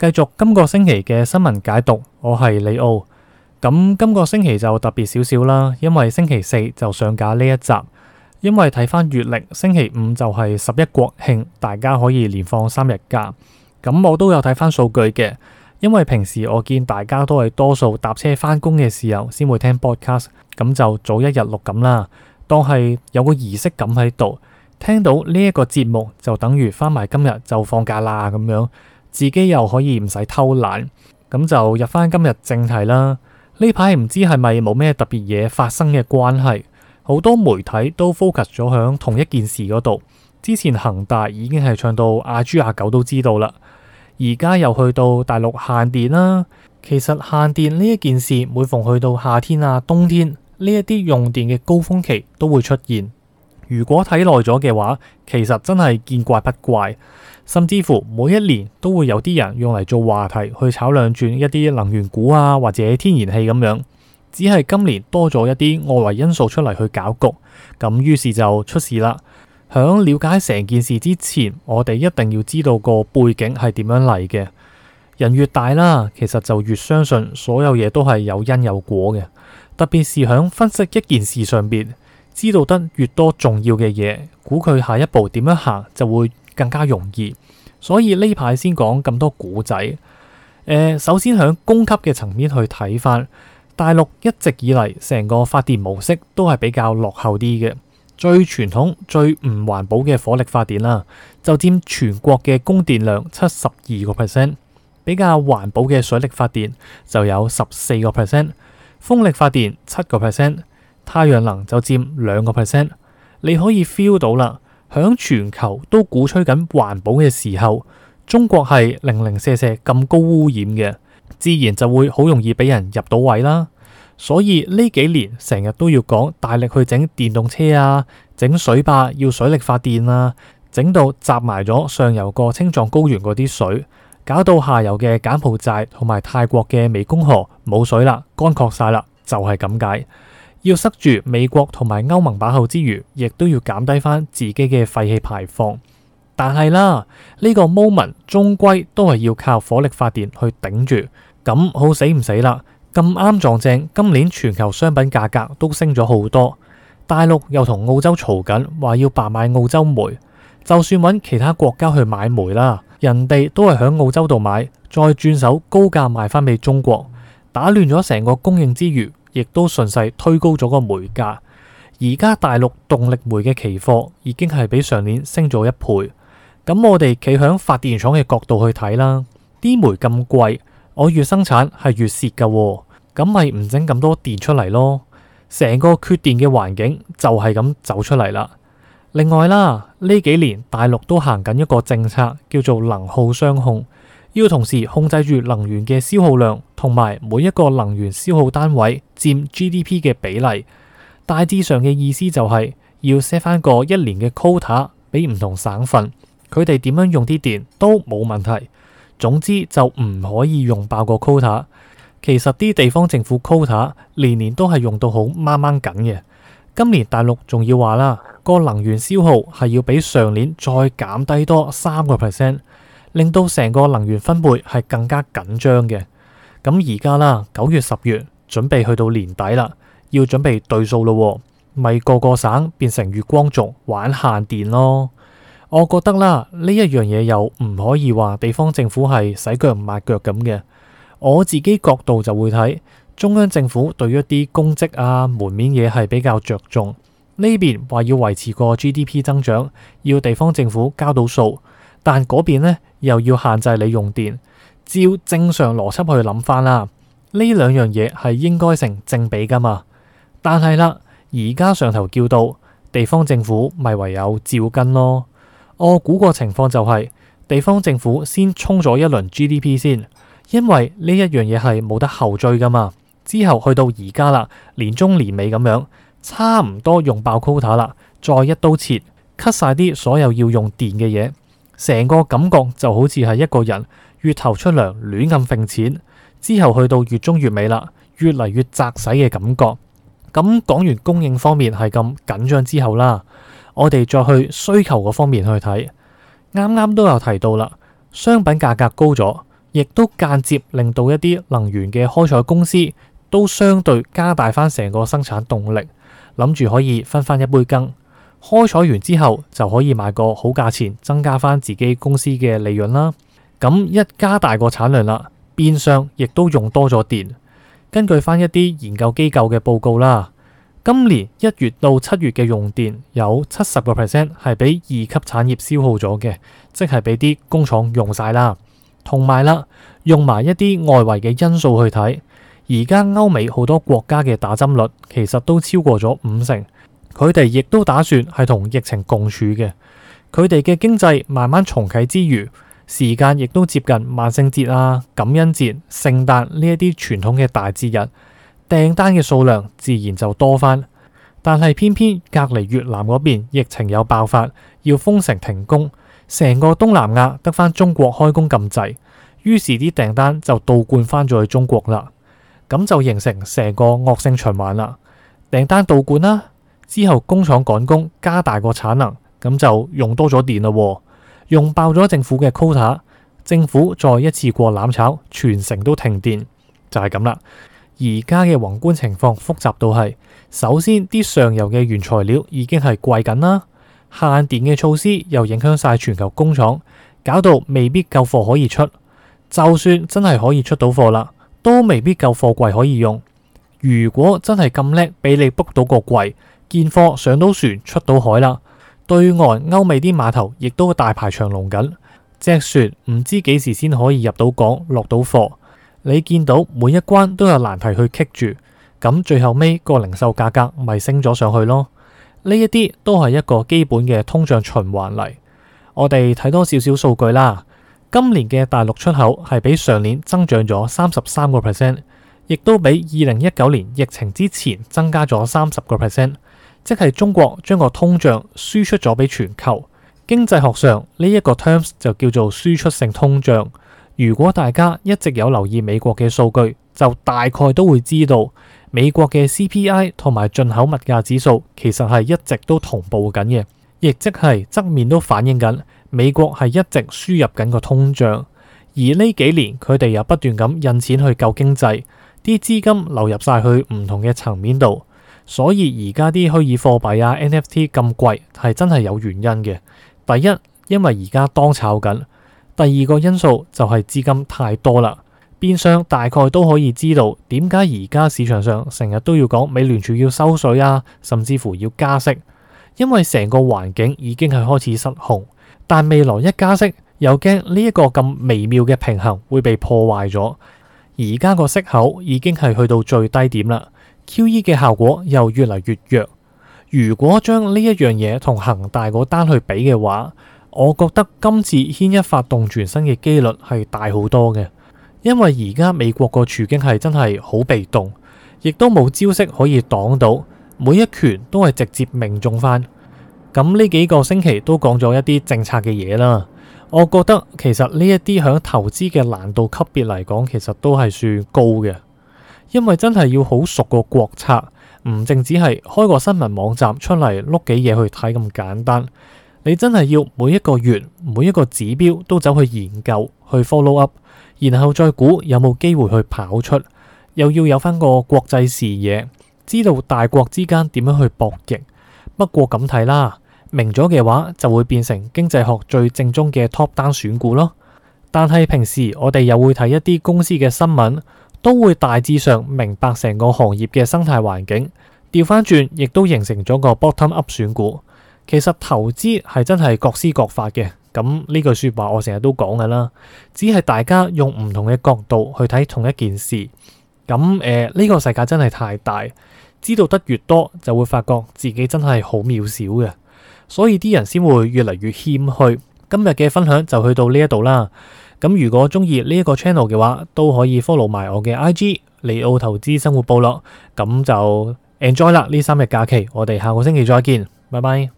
繼續今個星期嘅新聞解讀，我係李奧。咁今個星期就特別少少啦，因為星期四就上架呢一集。因為睇翻月曆，星期五就係十一國慶，大家可以連放三日假。咁我都有睇翻數據嘅，因為平時我見大家都係多數搭車返工嘅時候先會聽 podcast，咁就早一日錄咁啦，當係有個儀式感喺度，聽到呢一個節目就等於翻埋今日就放假啦咁樣。自己又可以唔使偷懶，咁就入翻今日正題啦。呢排唔知係咪冇咩特別嘢發生嘅關係，好多媒體都 focus 咗喺同一件事嗰度。之前恒大已經係唱到阿豬阿狗都知道啦，而家又去到大陸限電啦。其實限電呢一件事，每逢去到夏天啊、冬天呢一啲用電嘅高峰期都會出現。如果睇耐咗嘅話，其實真係見怪不怪。甚至乎每一年都會有啲人用嚟做話題去炒兩轉一啲能源股啊，或者天然氣咁樣，只係今年多咗一啲外圍因素出嚟去攪局，咁於是就出事啦。響了解成件事之前，我哋一定要知道個背景係點樣嚟嘅。人越大啦，其實就越相信所有嘢都係有因有果嘅，特別是響分析一件事上邊，知道得越多重要嘅嘢，估佢下一步點樣行就會更加容易，所以呢排先講咁多古仔。誒、呃,首先喺供給嘅層面去睇翻，大陸一直以嚟成個發電模式都係比較落後啲嘅。最傳統最唔環保嘅火力發電啦、啊，就佔全國嘅供電量七十二個 percent。比較環保嘅水力發電就有十四個 percent，風力發電七個 percent，太陽能就佔兩個 percent。你可以 feel 到啦。響全球都鼓吹緊環保嘅時候，中國係零零舍舍咁高污染嘅，自然就會好容易俾人入到位啦。所以呢幾年成日都要講大力去整電動車啊，整水壩要水力發電啊，整到集埋咗上游個青藏高原嗰啲水，搞到下游嘅柬埔寨同埋泰國嘅湄公河冇水啦，乾涸晒啦，就係咁解。要塞住美國同埋歐盟把口之餘，亦都要減低翻自己嘅廢氣排放。但係啦，呢、這個 moment 終歸都係要靠火力發電去頂住，咁好死唔死啦！咁啱撞正，今年全球商品價格都升咗好多，大陸又同澳洲嘈緊，話要罷買澳洲煤。就算揾其他國家去買煤啦，人哋都係喺澳洲度買，再轉手高價賣翻俾中國，打亂咗成個供應之餘。亦都順勢推高咗個煤價，而家大陸動力煤嘅期貨已經係比上年升咗一倍。咁我哋企響發電廠嘅角度去睇啦，啲煤咁貴，我越生產係越蝕噶喎，咁咪唔整咁多電出嚟咯。成個缺電嘅環境就係咁走出嚟啦。另外啦，呢幾年大陸都行緊一個政策，叫做能耗雙控。要同時控制住能源嘅消耗量，同埋每一個能源消耗單位佔 GDP 嘅比例。大致上嘅意思就係要 set 翻個一年嘅 quota 俾唔同省份，佢哋點樣用啲電都冇問題。總之就唔可以用爆個 quota。其實啲地方政府 quota 年年都係用到好掹掹緊嘅。今年大陸仲要話啦，個能源消耗係要比上年再減低多三個 percent。令到成個能源分配係更加緊張嘅。咁而家啦，九月十月準備去到年底啦，要準備對數咯、哦，咪個個省變成月光族玩限電咯。我覺得啦，呢一樣嘢又唔可以話地方政府係洗腳唔抹腳咁嘅。我自己角度就會睇中央政府對於一啲公職啊、門面嘢係比較着重，呢邊話要維持個 GDP 增長，要地方政府交到數，但嗰邊呢。又要限制你用電，照正常邏輯去諗翻啦，呢兩樣嘢係應該成正比噶嘛。但係啦，而家上頭叫到地方政府，咪唯有照跟咯。我估個情況就係、是、地方政府先沖咗一輪 GDP 先，因為呢一樣嘢係冇得後追噶嘛。之後去到而家啦，年中年尾咁樣，差唔多用爆 quota 啦，再一刀切，cut 晒啲所有要用電嘅嘢。成個感覺就好似係一個人月頭出糧亂咁揈錢，之後去到月中月尾啦，越嚟越窄使嘅感覺。咁、嗯、講完供應方面係咁緊張之後啦，我哋再去需求嗰方面去睇。啱啱都有提到啦，商品價格高咗，亦都間接令到一啲能源嘅開採公司都相對加大翻成個生產動力，諗住可以分翻一杯羹。開採完之後就可以賣個好價錢，增加翻自己公司嘅利潤啦。咁一加大個產量啦，變相亦都用多咗電。根據翻一啲研究機構嘅報告啦，今年一月到七月嘅用電有七十個 percent 係俾二級產業消耗咗嘅，即係俾啲工廠用晒啦。同埋啦，用埋一啲外圍嘅因素去睇，而家歐美好多國家嘅打針率其實都超過咗五成。佢哋亦都打算係同疫情共處嘅，佢哋嘅經濟慢慢重啟之餘，時間亦都接近萬聖節啊、感恩節、聖誕呢一啲傳統嘅大節日，訂單嘅數量自然就多翻。但係偏偏隔籬越南嗰邊疫情有爆發，要封城停工，成個東南亞得翻中國開工咁滯，於是啲訂單就倒灌翻咗去中國啦，咁就形成成個惡性循環啦。訂單倒灌啦。之後，工廠趕工加大個產能，咁就用多咗電咯，用爆咗政府嘅 quota，政府再一次過攬炒，全城都停電，就係咁啦。而家嘅宏觀情況複雜到係，首先啲上游嘅原材料已經係貴緊啦，限電嘅措施又影響晒全球工廠，搞到未必夠貨可以出。就算真係可以出到貨啦，都未必夠貨櫃可以用。如果真係咁叻，俾你 book 到個櫃。見貨上到船出到海啦，對岸歐美啲碼頭亦都大排長龍緊，隻船唔知幾時先可以入到港落到貨。你見到每一關都有難題去棘住，咁最後尾個零售價格咪升咗上去咯。呢一啲都係一個基本嘅通脹循環嚟。我哋睇多少少數據啦，今年嘅大陸出口係比上年增長咗三十三個 percent，亦都比二零一九年疫情之前增加咗三十個 percent。即係中國將個通脹輸出咗俾全球，經濟學上呢一個 terms 就叫做輸出性通脹。如果大家一直有留意美國嘅數據，就大概都會知道美國嘅 CPI 同埋進口物價指數其實係一直都同步緊嘅，亦即係側面都反映緊美國係一直輸入緊個通脹。而呢幾年佢哋又不斷咁印錢去救經濟，啲資金流入晒去唔同嘅層面度。所以而家啲虛擬貨幣啊 NFT 咁貴，係真係有原因嘅。第一，因為而家當炒緊，第二個因素就係資金太多啦。變相大概都可以知道點解而家市場上成日都要講美聯儲要收水啊，甚至乎要加息，因為成個環境已經係開始失控。但未來一加息，又驚呢一個咁微妙嘅平衡會被破壞咗。而家個息口已經係去到最低點啦。QE 嘅效果又越嚟越弱。如果將呢一樣嘢同恒大個單去比嘅話，我覺得今次牽一髮動全身嘅幾率係大好多嘅。因為而家美國個處境係真係好被動，亦都冇招式可以擋到，每一拳都係直接命中翻。咁呢幾個星期都講咗一啲政策嘅嘢啦，我覺得其實呢一啲響投資嘅難度級別嚟講，其實都係算高嘅。因為真係要好熟個國策，唔淨只係開個新聞網站出嚟碌幾嘢去睇咁簡單，你真係要每一個月每一個指標都走去研究去 follow up，然後再估有冇機會去跑出，又要有翻個國際視野，知道大國之間點樣去博弈。不過咁睇啦，明咗嘅話就會變成經濟學最正宗嘅 top down 選股咯。但係平時我哋又會睇一啲公司嘅新聞。都會大致上明白成個行業嘅生態環境，調翻轉亦都形成咗個 bottom up 選股。其實投資係真係各施各法嘅，咁呢句說話我成日都講噶啦。只係大家用唔同嘅角度去睇同一件事，咁誒呢個世界真係太大，知道得越多就會發覺自己真係好渺小嘅，所以啲人先會越嚟越謙虛。今日嘅分享就去到呢一度啦。咁如果中意呢一個 channel 嘅話，都可以 follow 埋我嘅 IG，利奧投資生活部落。咁就 enjoy 啦呢三日假期。我哋下個星期再見，拜拜。